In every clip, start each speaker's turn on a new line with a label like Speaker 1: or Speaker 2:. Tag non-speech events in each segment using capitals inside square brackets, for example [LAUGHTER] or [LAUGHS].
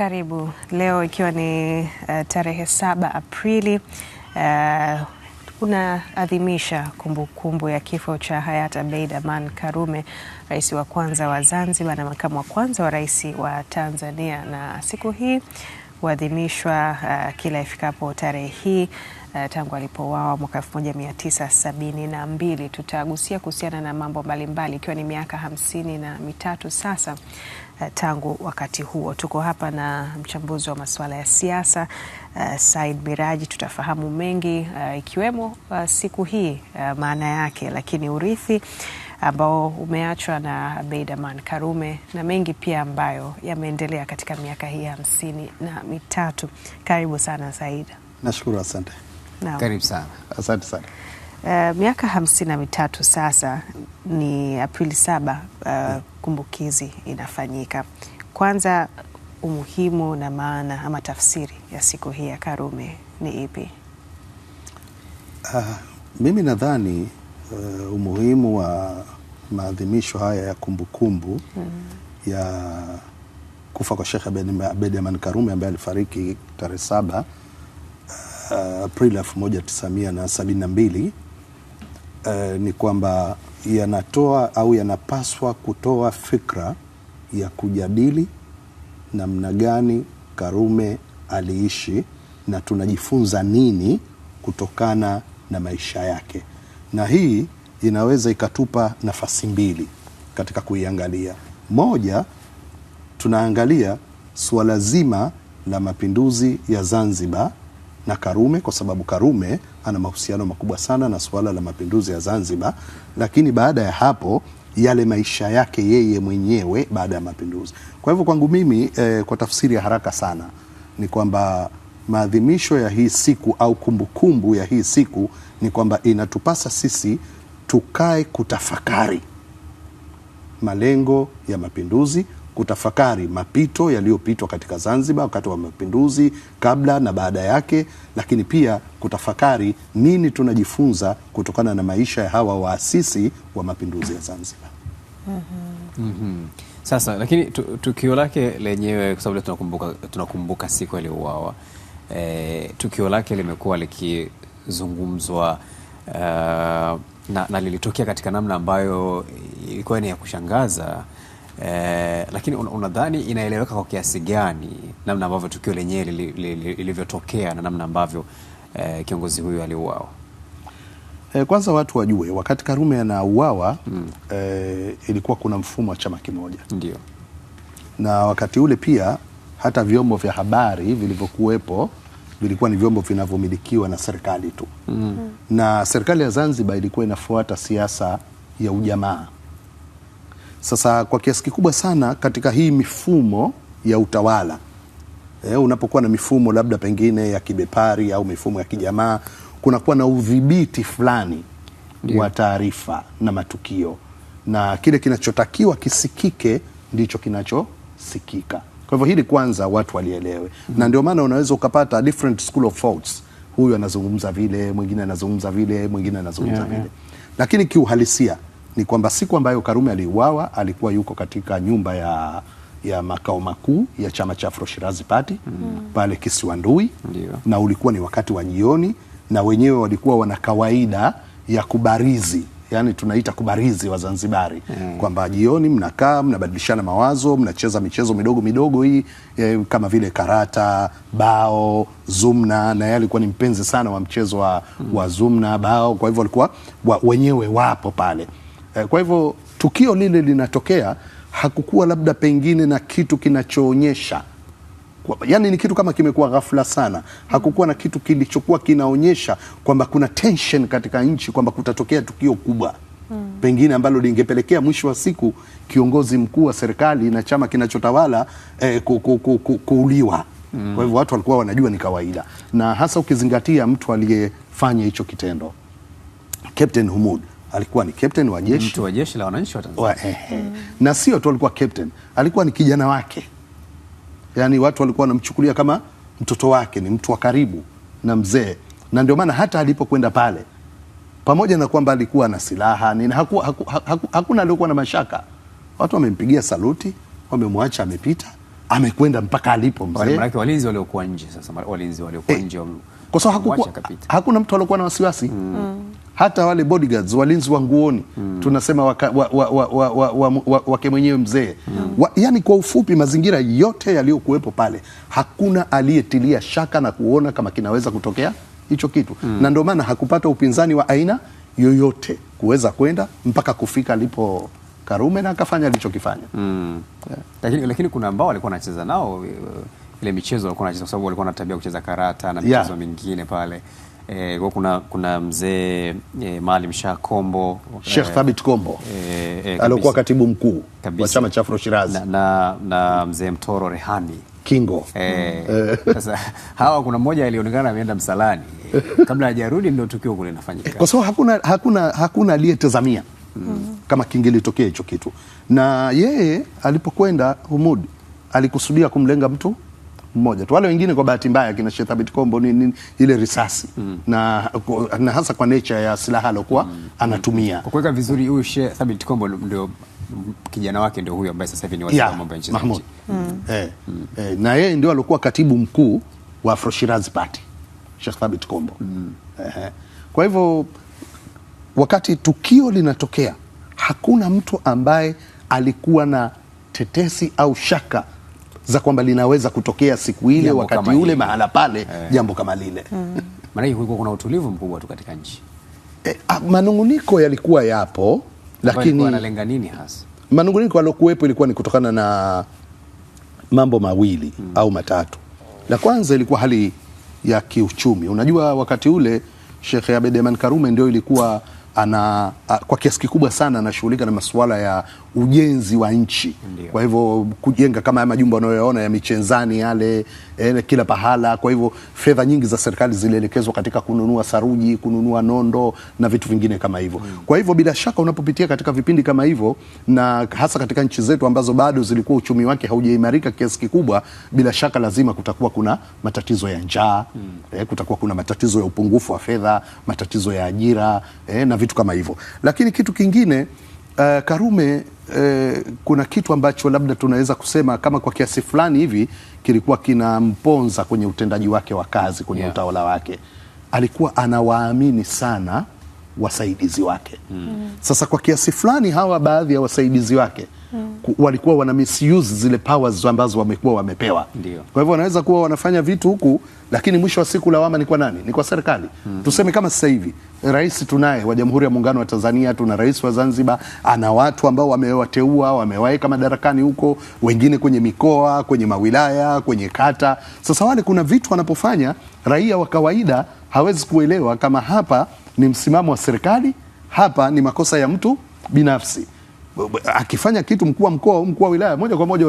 Speaker 1: Karibu leo ikiwa ni uh, tarehe saba Aprili uh, eh, tunaadhimisha kumbukumbu ya kifo cha hayati Abeid Aman Karume, rais wa kwanza wa Zanzibar na makamu wa kwanza wa rais wa Tanzania, na siku hii huadhimishwa uh, kila ifikapo tarehe hii uh, tangu alipowawa mwaka mbili. Tutagusia kuhusiana na mambo mbalimbali ikiwa ni miaka hamsini na mitatu sasa Eh, tangu wakati huo. Tuko hapa na mchambuzi wa masuala ya siasa uh, Said Miraji. Tutafahamu mengi uh, ikiwemo uh, siku hii uh, maana yake, lakini urithi ambao umeachwa na Abeid Aman Karume na mengi pia ambayo yameendelea katika miaka hii hamsini na mitatu. Karibu sana Said.
Speaker 2: Nashukuru, asante. Karibu sana, asante sana.
Speaker 1: Eh, miaka hamsini na mitatu sasa ni Aprili saba uh, kumbukizi inafanyika. Kwanza, umuhimu na maana ama tafsiri ya siku hii ya Karume ni ipi?
Speaker 2: Uh, mimi nadhani uh, umuhimu wa maadhimisho haya ya kumbukumbu hmm. ya kufa kwa Shekh Abedi Aman Karume ambaye alifariki tarehe saba uh, Aprili 1972 eh, ni kwamba yanatoa au yanapaswa kutoa fikra ya kujadili namna gani Karume aliishi na tunajifunza nini kutokana na maisha yake, na hii inaweza ikatupa nafasi mbili katika kuiangalia. Moja, tunaangalia suala zima la mapinduzi ya Zanzibar na Karume, kwa sababu Karume ana mahusiano makubwa sana na suala la mapinduzi ya Zanzibar, lakini baada ya hapo yale maisha yake yeye mwenyewe baada ya mapinduzi. Kwa hivyo kwangu mimi eh, kwa tafsiri ya haraka sana ni kwamba maadhimisho ya hii siku au kumbukumbu kumbu ya hii siku ni kwamba inatupasa sisi tukae kutafakari malengo ya mapinduzi kutafakari mapito yaliyopitwa katika Zanzibar wakati wa mapinduzi, kabla na baada yake, lakini pia kutafakari nini tunajifunza kutokana na maisha ya hawa waasisi wa mapinduzi ya Zanzibar. mm -hmm.
Speaker 3: Mm -hmm. Sasa lakini tukio lake lenyewe kwa sababu tunakumbuka, tunakumbuka siku aliyouawa e, eh, tukio lake limekuwa likizungumzwa uh, na, na lilitokea katika namna ambayo ilikuwa ni ya kushangaza. Eh, lakini unadhani inaeleweka kwa kiasi gani namna ambavyo tukio lenyewe lilivyotokea na namna ambavyo eh, kiongozi huyu aliuawa?
Speaker 2: Eh, kwanza watu wajue wakati Karume anauawa mm. eh, ilikuwa kuna mfumo wa chama kimoja ndio, na wakati ule pia hata vyombo vya habari vilivyokuwepo vilikuwa ni vyombo vinavyomilikiwa na serikali tu mm. na serikali ya Zanzibar ilikuwa inafuata siasa ya ujamaa sasa kwa kiasi kikubwa sana katika hii mifumo ya utawala e, unapokuwa na mifumo labda pengine ya kibepari au mifumo ya kijamaa, kunakuwa na udhibiti fulani yeah, wa taarifa na matukio, na kile kinachotakiwa kisikike ndicho kinachosikika. Kwa hivyo hili kwanza watu walielewe. mm -hmm. Na ndio maana unaweza ukapata different school of thoughts, huyu anazungumza vile, mwingine anazungumza vile, mwingine anazungumza yeah, vile yeah. Lakini kiuhalisia ni kwamba siku ambayo Karume aliuawa alikuwa yuko katika nyumba ya ya makao makuu ya chama cha Afro Shirazi Party mm. pale Kisiwandui na ulikuwa ni wakati wa jioni, na wenyewe walikuwa wana kawaida ya kubarizi, yani tunaita kubarizi Wazanzibari mm. kwamba jioni mnakaa mnabadilishana mawazo, mnacheza michezo midogo midogo hii eh, kama vile karata, bao, zumna, na yeye alikuwa ni mpenzi sana wa mchezo wa, mm. wa zumna bao, kwa hivyo walikuwa wa, wenyewe wapo pale Eh, kwa hivyo tukio lile linatokea, hakukuwa labda pengine na kitu kinachoonyesha yaani ni kitu kama kimekuwa ghafla sana, hakukuwa na kitu kilichokuwa kinaonyesha kwamba kuna tension katika nchi kwamba kutatokea tukio kubwa hmm, pengine ambalo lingepelekea mwisho wa siku kiongozi mkuu wa serikali na chama kinachotawala eh, ku, ku, ku, ku, kuuliwa. Hmm. Kwa hivyo watu walikuwa wanajua ni kawaida, na hasa ukizingatia mtu aliyefanya hicho kitendo Captain Humud alikuwa ni captain wa jeshi,
Speaker 3: mtu wa jeshi la wananchi wa Tanzania
Speaker 2: wa, eh, eh. Mm. Na sio tu alikuwa captain, alikuwa ni kijana wake, yaani watu walikuwa wanamchukulia kama mtoto wake, ni mtu wa karibu na mzee, na ndio maana hata alipokwenda pale, pamoja na kwamba alikuwa na silaha nini, haku, haku, haku, hakuna aliokuwa na mashaka. Watu wamempigia saluti, wamemwacha amepita, amekwenda mpaka alipo mzee.
Speaker 3: Wale walinzi waliokuwa nje sasa, walinzi waliokuwa eh, nje,
Speaker 2: kwa sababu hakuna mtu aliokuwa na wasiwasi mm. mm hata wale bodyguards walinzi wa nguoni mm. tunasema wake wa, wa, wa, wa, wa, wa, wa, mwenyewe mzee mm. Yani, kwa ufupi, mazingira yote yaliyokuwepo pale hakuna aliyetilia shaka na kuona kama kinaweza kutokea hicho kitu mm. na ndio maana hakupata upinzani wa aina yoyote kuweza kwenda mpaka kufika alipo Karume na akafanya alichokifanya mm.
Speaker 3: yeah. Lakini, lakini kuna ambao walikuwa wanacheza nao eh, ile michezo walikuwa wanacheza kwa sababu walikuwa na tabia kucheza karata na michezo yeah. mingine pale eh, kuna, kuna mzee eh, Maalim Shah Kombo
Speaker 2: Sheikh eh, Thabit Kombo eh, eh, aliokuwa katibu mkuu wa chama cha Afro Shirazi na,
Speaker 3: na, na mzee Mtoro Rehani
Speaker 2: Kingo eh, eh.
Speaker 3: [LAUGHS] sasa hawa kuna mmoja alionekana ameenda msalani eh, kabla hajarudi ndio tukio kule linafanyika,
Speaker 2: kwa sababu hakuna hakuna hakuna aliyetazamia mm. kama kingelitokea hicho kitu, na yeye alipokwenda Humud alikusudia kumlenga mtu mmoja tu. Wale wengine kwa bahati mbaya kina Sheikh Thabit Kombo ni, ni ile risasi mm. na, na hasa kwa nature ya silaha alokuwa mm. anatumia. Kwa
Speaker 3: kuweka vizuri, huyu Sheikh Thabit Kombo ndio kijana wake ndio huyo ambaye sasa hivi ni waziri wa mambo ya nje
Speaker 2: mm. mm. Eh, mm. Eh, na yeye ndio alikuwa katibu mkuu wa Afro Shirazi Party Sheikh Thabit Kombo. Mm. Eh, eh, kwa hivyo wakati tukio linatokea hakuna mtu ambaye alikuwa na tetesi au shaka za kwamba linaweza kutokea siku ile wakati ule mahala pale eh, jambo kama lile mm.
Speaker 3: Maanake kulikuwa kuna utulivu mkubwa tu katika nchi
Speaker 2: eh, ah, manunguniko yalikuwa yapo, lakini
Speaker 3: analenga nini hasa
Speaker 2: manunguniko aliokuwepo ilikuwa ni kutokana na mambo mawili mm. au matatu. La kwanza ilikuwa hali ya kiuchumi. Unajua wakati ule Sheikh Abeid Karume ndio ilikuwa ana a, kwa kiasi kikubwa sana anashughulika na masuala ya ujenzi wa nchi. Ndiyo. Kwa hivyo kujenga kama majumba unayoyaona ya michenzani yale ele, eh, kila pahala. Kwa hivyo fedha nyingi za serikali zilielekezwa katika kununua saruji, kununua nondo na vitu vingine kama hivyo. Mm. Kwa hivyo bila shaka unapopitia katika vipindi kama hivyo na hasa katika nchi zetu ambazo bado zilikuwa uchumi wake haujaimarika kiasi kikubwa, bila shaka lazima kutakuwa kuna matatizo ya njaa. Mm. Eh, kutakuwa kuna matatizo ya upungufu wa fedha, matatizo ya ajira eh, na vitu kama hivyo. Lakini kitu kingine uh, Karume uh, kuna kitu ambacho labda tunaweza kusema kama kwa kiasi fulani hivi kilikuwa kinamponza kwenye utendaji wake wa kazi kwenye yeah, utawala wake. Alikuwa anawaamini sana wasaidizi wake mm. Sasa kwa kiasi fulani hawa baadhi ya wasaidizi wake mm. walikuwa wana misuse zile powers ambazo wamekuwa wamepewa. Ndiyo. Kwa hivyo wanaweza kuwa wanafanya vitu huku, lakini mwisho wa siku lawama ni kwa nani? Ni kwa serikali mm. Tuseme kama sasa hivi rais tunaye wa Jamhuri ya Muungano wa Tanzania, tuna rais wa Zanzibar, ana watu ambao wamewateua, wamewaweka madarakani huko, wengine kwenye mikoa, kwenye mawilaya, kwenye kata. Sasa wale kuna vitu wanapofanya raia wa kawaida hawezi kuelewa kama hapa ni msimamo wa serikali, hapa ni makosa ya mtu binafsi. Akifanya kitu mkuu wa mkoa au mkuu wa wilaya, moja kwa moja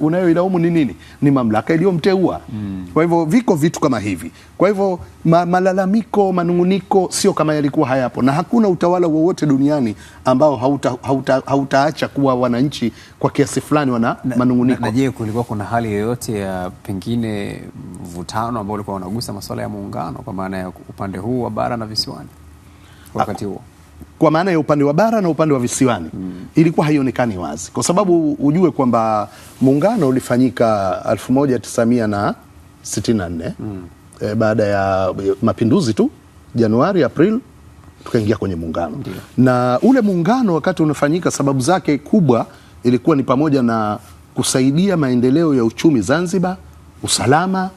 Speaker 2: unayoilaumu una, ni nini? Ni mamlaka iliyomteua mm. Kwa hivyo viko vitu kama hivi. Kwa hivyo ma, malalamiko manunguniko sio kama yalikuwa hayapo, na hakuna utawala wowote duniani ambao hauta, hauta, hautaacha kuwa wananchi kwa kiasi fulani wana manunguniko.
Speaker 3: je, kulikuwa kuna hali yoyote ya pengine mvutano ambao ulikuwa unagusa masuala ya muungano kwa maana ya upande huu wa bara na visiwani? wakati ah, huo
Speaker 2: kwa maana ya upande wa bara na upande wa visiwani mm. ilikuwa haionekani wazi, kwa sababu ujue kwamba muungano ulifanyika 1964 mm. e, baada ya mapinduzi tu Januari April tukaingia kwenye muungano na ule muungano wakati unafanyika, sababu zake kubwa ilikuwa ni pamoja na kusaidia maendeleo ya uchumi Zanzibar, usalama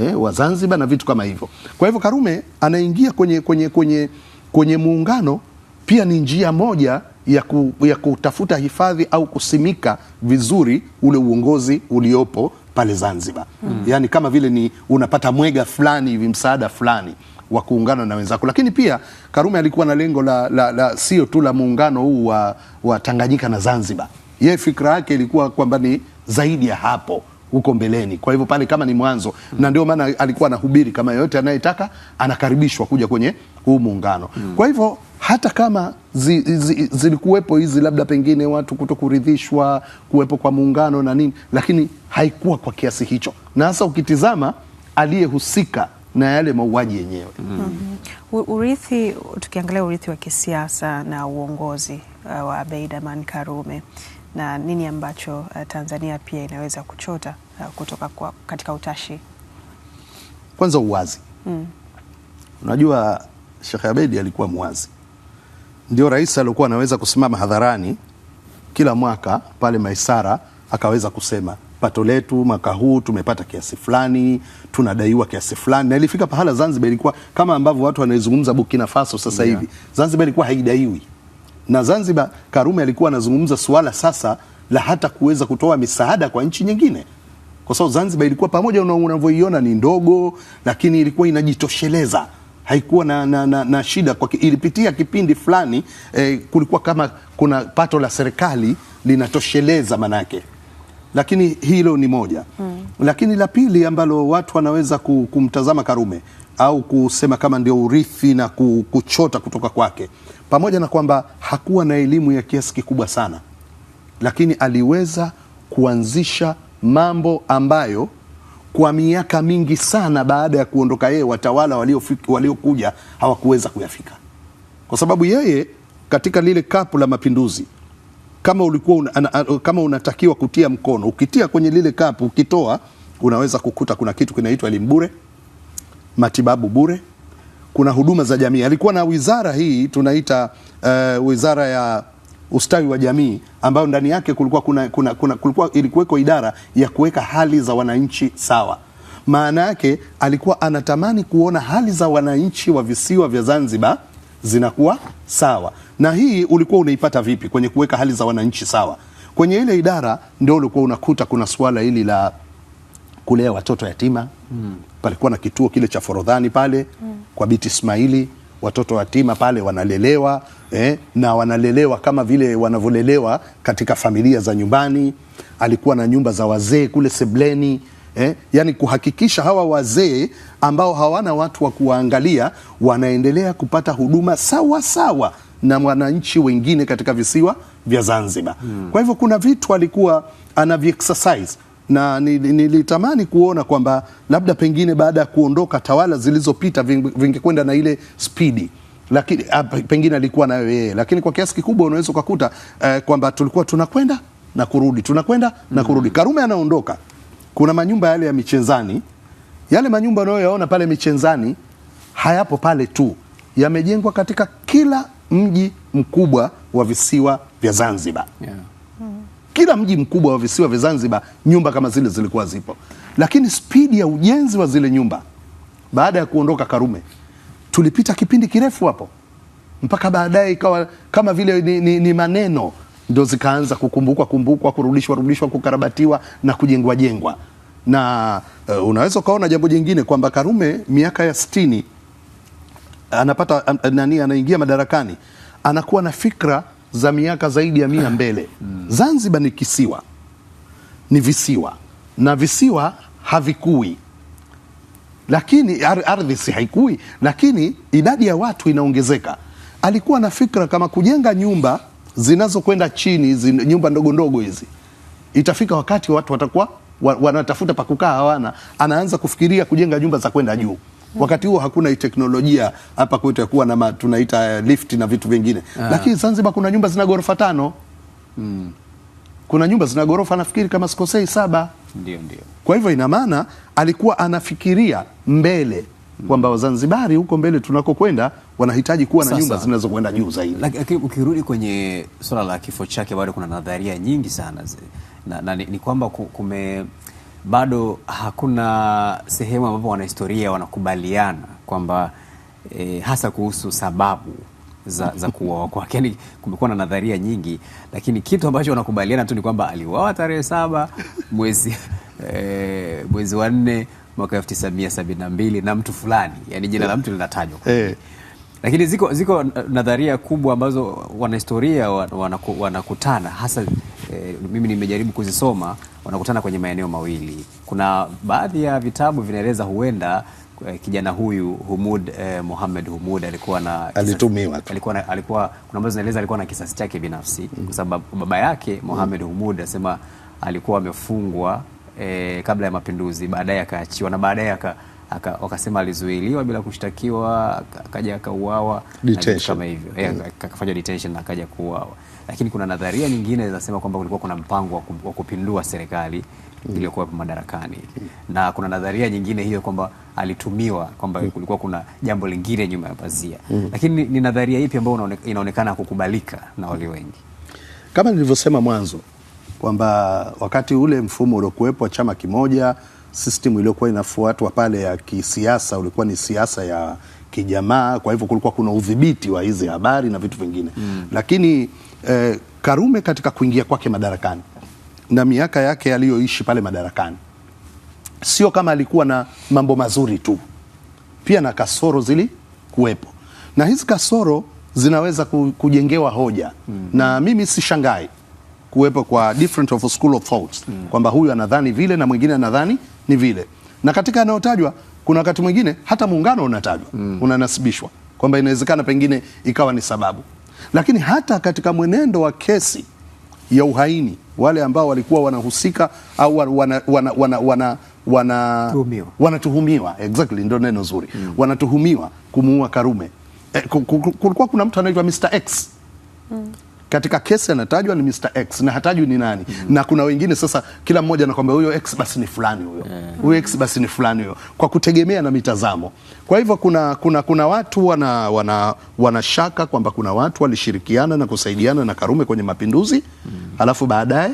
Speaker 2: eh, wa Zanzibar na vitu kama hivyo. Kwa hivyo Karume anaingia kwenye, kwenye, kwenye kwenye muungano pia ni njia moja ya, ku, ya kutafuta hifadhi au kusimika vizuri ule uongozi uliopo pale Zanzibar mm. Yani kama vile ni unapata mwega fulani hivi msaada fulani wa kuungana na wenzako, lakini pia Karume alikuwa na lengo la, la, la sio tu la muungano huu wa, wa Tanganyika na Zanzibar. Yeye fikra yake ilikuwa kwamba ni zaidi ya hapo huko mbeleni. Kwa hivyo pale kama ni mwanzo mm. na ndio maana alikuwa anahubiri kama yeyote anayetaka anakaribishwa kuja kwenye huu muungano mm. kwa hivyo hata kama zi, zi, zilikuwepo hizi labda pengine watu kutokuridhishwa kuwepo kwa muungano na nini, lakini haikuwa kwa kiasi hicho, na hasa ukitizama aliyehusika na yale mauaji yenyewe mm
Speaker 1: -hmm. hmm. Urithi, tukiangalia urithi wa kisiasa na uongozi uh, wa Abeid Amani Karume na nini ambacho eh, Tanzania pia inaweza kuchota eh, kutoka kwa katika utashi?
Speaker 2: Kwanza uwazi. Mm. Unajua Sheikh Abedi alikuwa mwazi, ndio rais aliokuwa anaweza kusimama hadharani kila mwaka pale Maisara akaweza kusema pato letu mwaka huu tumepata kiasi fulani, tunadaiwa kiasi fulani, na ilifika pahala Zanzibar ilikuwa kama ambavyo watu wanaizungumza Burkina Faso sasa hivi. Yeah. Zanzibar ilikuwa haidaiwi na Zanzibar, Karume alikuwa anazungumza suala sasa la hata kuweza kutoa misaada kwa nchi nyingine, kwa sababu Zanzibar ilikuwa pamoja unavyoiona ni ndogo, lakini ilikuwa inajitosheleza haikuwa na, na, na, na shida kwa, ilipitia kipindi fulani eh, kulikuwa kama kuna pato la serikali linatosheleza manake, lakini hilo ni moja mm. Lakini la pili ambalo watu wanaweza kumtazama Karume au kusema kama ndio urithi na kuchota kutoka kwake, pamoja na kwamba hakuwa na elimu ya kiasi kikubwa sana, lakini aliweza kuanzisha mambo ambayo kwa miaka mingi sana baada ya kuondoka yeye watawala waliokuja walio hawakuweza kuyafika, kwa sababu yeye katika lile kapu la mapinduzi kama ulikuwa una, ana, kama unatakiwa kutia mkono, ukitia kwenye lile kapu ukitoa, unaweza kukuta kuna kitu kinaitwa elimu bure matibabu bure, kuna huduma za jamii. Alikuwa na wizara hii tunaita uh, wizara ya ustawi wa jamii ambayo ndani yake kulikuwa kuna, kuna, kuna, kulikuwa ilikuweko idara ya kuweka hali za wananchi sawa. Maana yake alikuwa anatamani kuona hali za wananchi wa visiwa vya Zanzibar zinakuwa sawa. Na hii ulikuwa unaipata vipi kwenye kuweka hali za wananchi sawa? Kwenye ile idara ndio ulikuwa unakuta kuna suala hili la kulea watoto yatima mm. Palikuwa na kituo kile cha Forodhani pale mm. kwa Biti Ismaili watoto yatima pale wanalelewa eh, na wanalelewa kama vile wanavyolelewa katika familia za nyumbani. Alikuwa na nyumba za wazee kule Sebleni eh, yani kuhakikisha hawa wazee ambao hawana watu wa kuwaangalia wanaendelea kupata huduma sawa sawa na wananchi wengine katika visiwa vya Zanzibar. Hmm. Kwa hivyo kuna vitu alikuwa anavyexercise na nilitamani ni, ni, kuona kwamba labda pengine baada ya kuondoka tawala zilizopita vingekwenda na ile spidi lakini ah, pengine alikuwa nayo yeye, lakini kwa kiasi kikubwa unaweza ukakuta eh, kwamba tulikuwa tunakwenda na kurudi tunakwenda mm -hmm. na kurudi. Mm. Karume anaondoka, kuna manyumba yale ya michenzani, yale manyumba unayoyaona pale michenzani hayapo pale tu, yamejengwa katika kila mji mkubwa wa visiwa vya Zanzibar yeah kila mji mkubwa wa visiwa vya Zanzibar nyumba kama zile zilikuwa zipo, lakini spidi ya ujenzi wa zile nyumba baada ya kuondoka Karume tulipita kipindi kirefu hapo mpaka baadaye ikawa kama vile ni, ni, ni maneno ndo zikaanza kukumbukwa kumbukwa kurudishwa rudishwa kukarabatiwa na kujengwa jengwa na uh, unaweza ukaona jambo jingine kwamba Karume miaka ya sitini anapata an, nani anaingia madarakani, anakuwa na fikra za miaka zaidi ya mia mbele. Zanzibar ni kisiwa, ni visiwa na visiwa havikui, lakini ardhi si haikui, lakini idadi ya watu inaongezeka. Alikuwa na fikra kama kujenga nyumba zinazokwenda chini hizi nyumba ndogo ndogo hizi, itafika wakati watu watakuwa wanatafuta pakukaa hawana, anaanza kufikiria kujenga nyumba za kwenda juu. Wakati huo hakuna teknolojia hapa kwetu ya kuwa na tunaita eh, lift na vitu vingine, ah. lakini Zanzibar kuna nyumba zina ghorofa tano. Mm. Kuna nyumba zina ghorofa nafikiri kama sikosei saba. Ndio, ndio. Kwa hivyo ina maana alikuwa anafikiria mbele hmm. kwamba Wazanzibari huko mbele tunakokwenda wanahitaji kuwa na nyumba zinazokwenda juu zaidi.
Speaker 3: Lakini ukirudi kwenye swala la kifo chake, bado kuna nadharia nyingi sana na, na, ni, ni kwamba kume bado hakuna sehemu ambapo wanahistoria wanakubaliana kwamba e, hasa kuhusu sababu za, za kuuawa kwake. Yani kumekuwa na nadharia nyingi, lakini kitu ambacho wanakubaliana tu ni kwamba aliuawa tarehe saba mwezi [LAUGHS] e, mwezi wa nne mwaka sabini na mtu fulani, yani jina la mtu linatajwa hey. Eh. Lakini ziko, ziko nadharia kubwa ambazo wanahistoria wanakutana hasa eh, mimi nimejaribu kuzisoma, wanakutana kwenye maeneo mawili. Kuna baadhi ya vitabu vinaeleza huenda eh, kijana huyu Humud eh, Mohamed Humud alikuwa na
Speaker 2: alitumiwa
Speaker 3: alikuwa alikuwa, kuna ambazo zinaeleza alikuwa na kisasi chake binafsi mm. kwa sababu baba yake Mohamed mm. Humud anasema alikuwa amefungwa eh, kabla ya mapinduzi, baadaye akaachiwa na baadaye wakasema alizuiliwa bila kushtakiwa, akaja akauawa kama hivyo, eh, mm. akafanywa detention akaja kuuawa lakini kuna nadharia nyingine zinasema kwamba kulikuwa kuna mpango wa kupindua serikali mm. iliyokuwa madarakani mm. na kuna nadharia nyingine hiyo kwamba alitumiwa kwamba mm. kulikuwa kuna jambo lingine nyuma ya pazia mm. lakini ni nadharia ipi ambayo inaonekana kukubalika na walio wengi?
Speaker 2: Kama nilivyosema mwanzo kwamba wakati ule mfumo uliokuwepo chama kimoja, system iliyokuwa inafuatwa pale ya kisiasa ulikuwa ni siasa ya kijamaa. Kwa hivyo kulikuwa kuna udhibiti wa hizi habari na vitu vingine mm. Lakini eh, Karume katika kuingia kwake madarakani na miaka yake aliyoishi pale madarakani, sio kama alikuwa na mambo mazuri tu, pia na kasoro zili kuwepo na hizi kasoro zinaweza kujengewa hoja mm. na mimi sishangai kuwepo kwa different of school of thoughts mm. kwamba huyu anadhani vile na mwingine anadhani ni vile, na katika anayotajwa kuna wakati mwingine hata muungano unatajwa mm. unanasibishwa kwamba inawezekana pengine ikawa ni sababu, lakini hata katika mwenendo wa kesi ya uhaini wale ambao walikuwa wanahusika au wanatuhumiwa wana,
Speaker 3: wana,
Speaker 2: wana, wana, exactly, ndo neno zuri mm. wanatuhumiwa kumuua Karume. E, kulikuwa kuna mtu anaitwa Mr X mm katika kesi anatajwa ni Mr X na hatajwi ni nani mm -hmm. na kuna wengine sasa, kila mmoja anakwambia huyo X basi ni fulani huyo eh. huyo X basi ni fulani huyo, kwa kutegemea na mitazamo. Kwa hivyo kuna, kuna, kuna watu wana, wana, wanashaka kwamba kuna watu walishirikiana na kusaidiana na Karume kwenye mapinduzi mm -hmm. alafu baadaye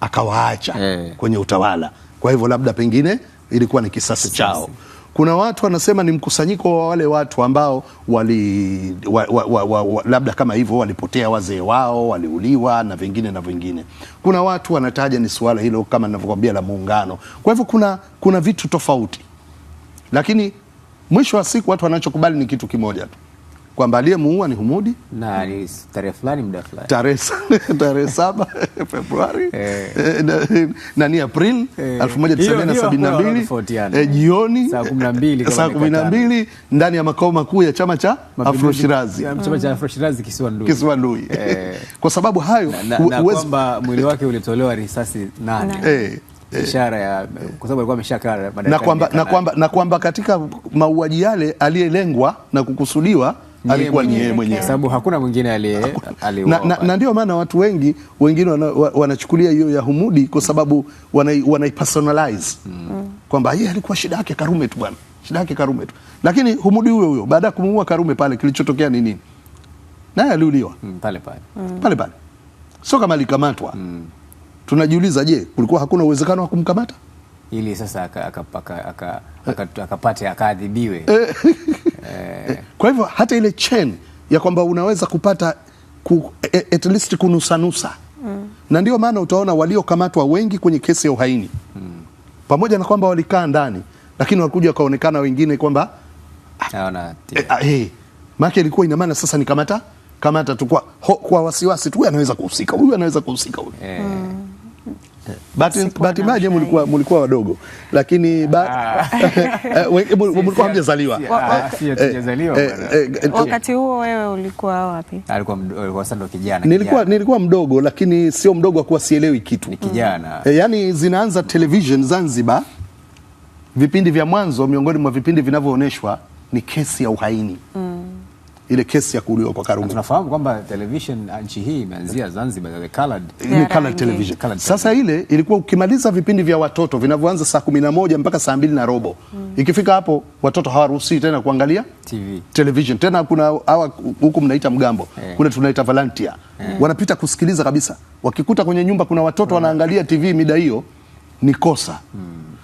Speaker 2: akawaacha yeah. kwenye utawala. Kwa hivyo labda pengine ilikuwa ni kisasi chao kuna watu wanasema ni mkusanyiko wa wale watu ambao wali wa, wa, wa, wa, wa, labda kama hivyo walipotea wazee wao, waliuliwa na vingine na vingine. Kuna watu wanataja ni suala hilo kama ninavyokwambia la muungano. Kwa hivyo kuna, kuna vitu tofauti, lakini mwisho wa siku watu wanachokubali ni kitu kimoja tu kwamba aliyemuua ni Humudi
Speaker 3: na ni tarehe fulani muda fulani
Speaker 2: tarehe saba Februari na ni Aprili 1972 jioni saa kumi na mbili ndani ya makao makuu ya chama cha Afroshirazi Kisiwandui, kwa sababu hayo
Speaker 3: kwamba mwili wake ulitolewa risasi nane ishara ya kwa sababu alikuwa ameshakaa
Speaker 2: na kwamba katika mauaji yale aliyelengwa na kukusudiwa alikuwa ni yeye mwenyewe,
Speaker 3: sababu hakuna mwingine aliye na, na,
Speaker 2: na ndio maana watu wengi wengine wanachukulia hiyo ya Humudi kwa sababu wanai, wanai personalize mm. kwamba yeye alikuwa shida yake Karume tu bwana, shida yake Karume tu, lakini Humudi huyo huyo baada ya kumuua Karume pale kilichotokea ni nini? Naye aliuliwa mm,
Speaker 3: pale pale mm.
Speaker 2: pale pale, sio kama alikamatwa mm. Tunajiuliza, je, kulikuwa hakuna uwezekano wa kumkamata?
Speaker 3: ili sasa akapate akaadhibiwe. Eh.
Speaker 2: Eh. [LAUGHS] Kwa hivyo hata ile chain ya kwamba unaweza kupata ku, e, at least kunusanusa mm. na ndio maana utaona waliokamatwa wengi kwenye kesi ya uhaini mm. pamoja na kwamba walikaa ndani, lakini walikuja wakaonekana wengine kwamba ah, eh, ah, maake ilikuwa ina maana sasa ni kamata kamata tu kwa, kwa wasiwasi tu, huyu anaweza kuhusika, huyu anaweza kuhusika huyu mm. Bahati mbaya mlikuwa mlikuwa wadogo, lakini ah. [LAUGHS] eh, mlikuwa hamjazaliwa. Ah,
Speaker 1: eh, eh, Wakati huo wewe ulikuwa wapi?
Speaker 2: Nilikuwa nilikuwa mdogo, lakini sio mdogo akuwa sielewi kitu. Ni kijana. Yaani zinaanza television Zanzibar, vipindi vya mwanzo miongoni mwa vipindi vinavyoonyeshwa ni kesi ya uhaini mm ile kesi ya kuuliwa kwa Karume.
Speaker 3: Tunafahamu kwamba television ah, nchi hii imeanzia Zanzibar the colored,
Speaker 2: ile colored television. Colored sasa ile ilikuwa ukimaliza vipindi vya watoto vinavyoanza saa kumi na moja mpaka saa mbili na robo mm. Ikifika hapo watoto hawaruhusi tena kuangalia TV. Television tena kuna hawa huku mnaita mgambo yeah. Kule tunaita volunteer yeah. Wanapita kusikiliza kabisa, wakikuta kwenye nyumba kuna watoto mm. wanaangalia TV mida hiyo ni kosa mm.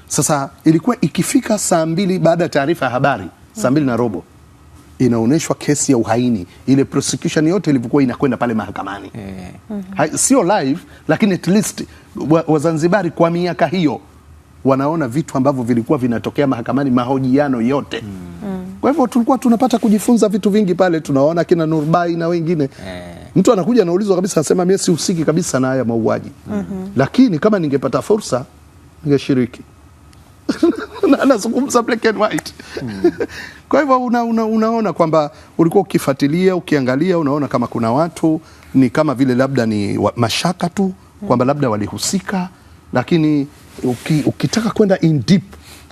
Speaker 2: Sasa ilikuwa ikifika saa mbili baada ya taarifa ya habari mm. saa mbili na robo inaonyeshwa kesi ya uhaini ile prosecution yote ilivyokuwa inakwenda pale mahakamani yeah. Mm-hmm. Sio live lakini at least Wazanzibari wa kwa miaka hiyo wanaona vitu ambavyo vilikuwa vinatokea mahakamani, mahojiano yote mm. -hmm. Kwa hivyo tulikuwa tunapata kujifunza vitu vingi pale, tunaona kina Nurbai na wengine yeah. Mtu anakuja anaulizwa kabisa, anasema mimi sihusiki kabisa na haya mauaji mm -hmm. Lakini kama ningepata fursa ningeshiriki [LAUGHS] [LAUGHS] anazungumza black and white mm. [LAUGHS] Kwa hivyo una, una, unaona kwamba ulikuwa ukifuatilia ukiangalia, unaona kama kuna watu ni kama vile labda ni wa, mashaka tu kwamba labda walihusika, lakini uki, ukitaka kwenda in deep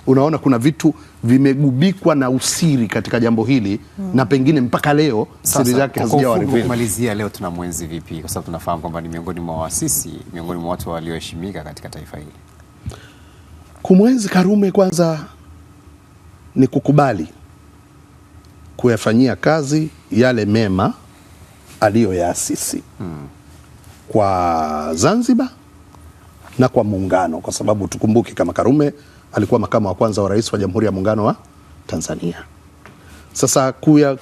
Speaker 2: unaona kuna vitu vimegubikwa na usiri katika jambo hili mm. na pengine mpaka leo
Speaker 3: siri zake hazijawa kumalizia. Leo tuna mwenzi vipi? Kwa sababu tunafahamu kwamba ni miongoni mwa waasisi, miongoni mwa watu walioheshimika katika taifa hili.
Speaker 2: Kumwenzi Karume kwanza ni kukubali kuyafanyia kazi yale mema aliyoyaasisi hmm. kwa Zanzibar na kwa muungano, kwa sababu tukumbuke kama Karume alikuwa makamu wa kwanza wa rais wa Jamhuri ya Muungano wa Tanzania. Sasa kuya,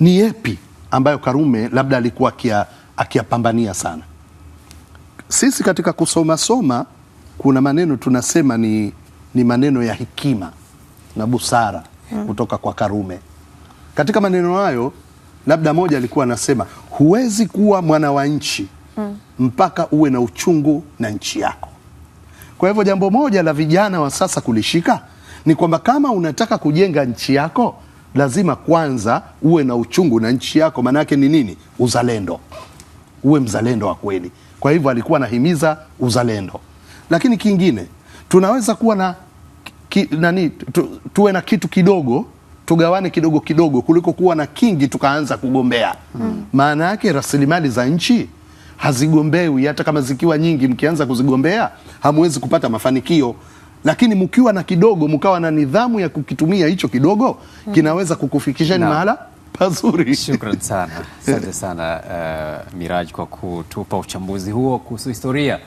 Speaker 2: ni yepi ambayo Karume labda alikuwa akiyapambania sana? Sisi katika kusomasoma soma kuna maneno tunasema ni, ni maneno ya hekima na busara hmm. kutoka kwa Karume. Katika maneno hayo labda moja alikuwa anasema huwezi kuwa mwana wa nchi hmm. mpaka uwe na uchungu na nchi yako. Kwa hivyo jambo moja la vijana wa sasa kulishika ni kwamba kama unataka kujenga nchi yako lazima kwanza uwe na uchungu na nchi yako. Maana yake ni nini? Uzalendo, uwe mzalendo wa kweli. Kwa hivyo alikuwa anahimiza uzalendo. Lakini kingine tunaweza kuwa na ki, nani tu, tuwe na kitu kidogo tugawane kidogo kidogo kuliko kuwa na kingi tukaanza kugombea hmm. Maana yake rasilimali za nchi hazigombewi, hata kama zikiwa nyingi, mkianza kuzigombea hamwezi kupata mafanikio. Lakini mkiwa na kidogo, mkawa na nidhamu ya kukitumia hicho kidogo hmm. kinaweza kukufikishani mahala pazuri.
Speaker 3: Shukran sana, asante sana uh, eh, Miraj kwa kutupa uchambuzi huo kuhusu historia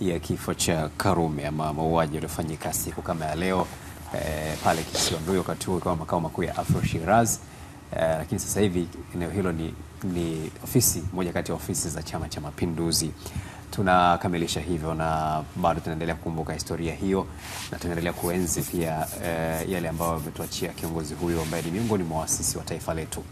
Speaker 3: ya kifo cha Karume ama mauaji yaliyofanyika siku kama ya leo eh, pale Kisiwandui, wakati huo ikawa makao makuu ya Afro Shiraz eh, lakini sasa hivi eneo hilo ni, ni ofisi moja kati ya ofisi za Chama cha Mapinduzi. Tunakamilisha hivyo na bado tunaendelea kukumbuka historia hiyo na tunaendelea kuenzi pia eh, yale ambayo ametuachia kiongozi huyo ambaye ni miongoni mwa waasisi wa taifa letu.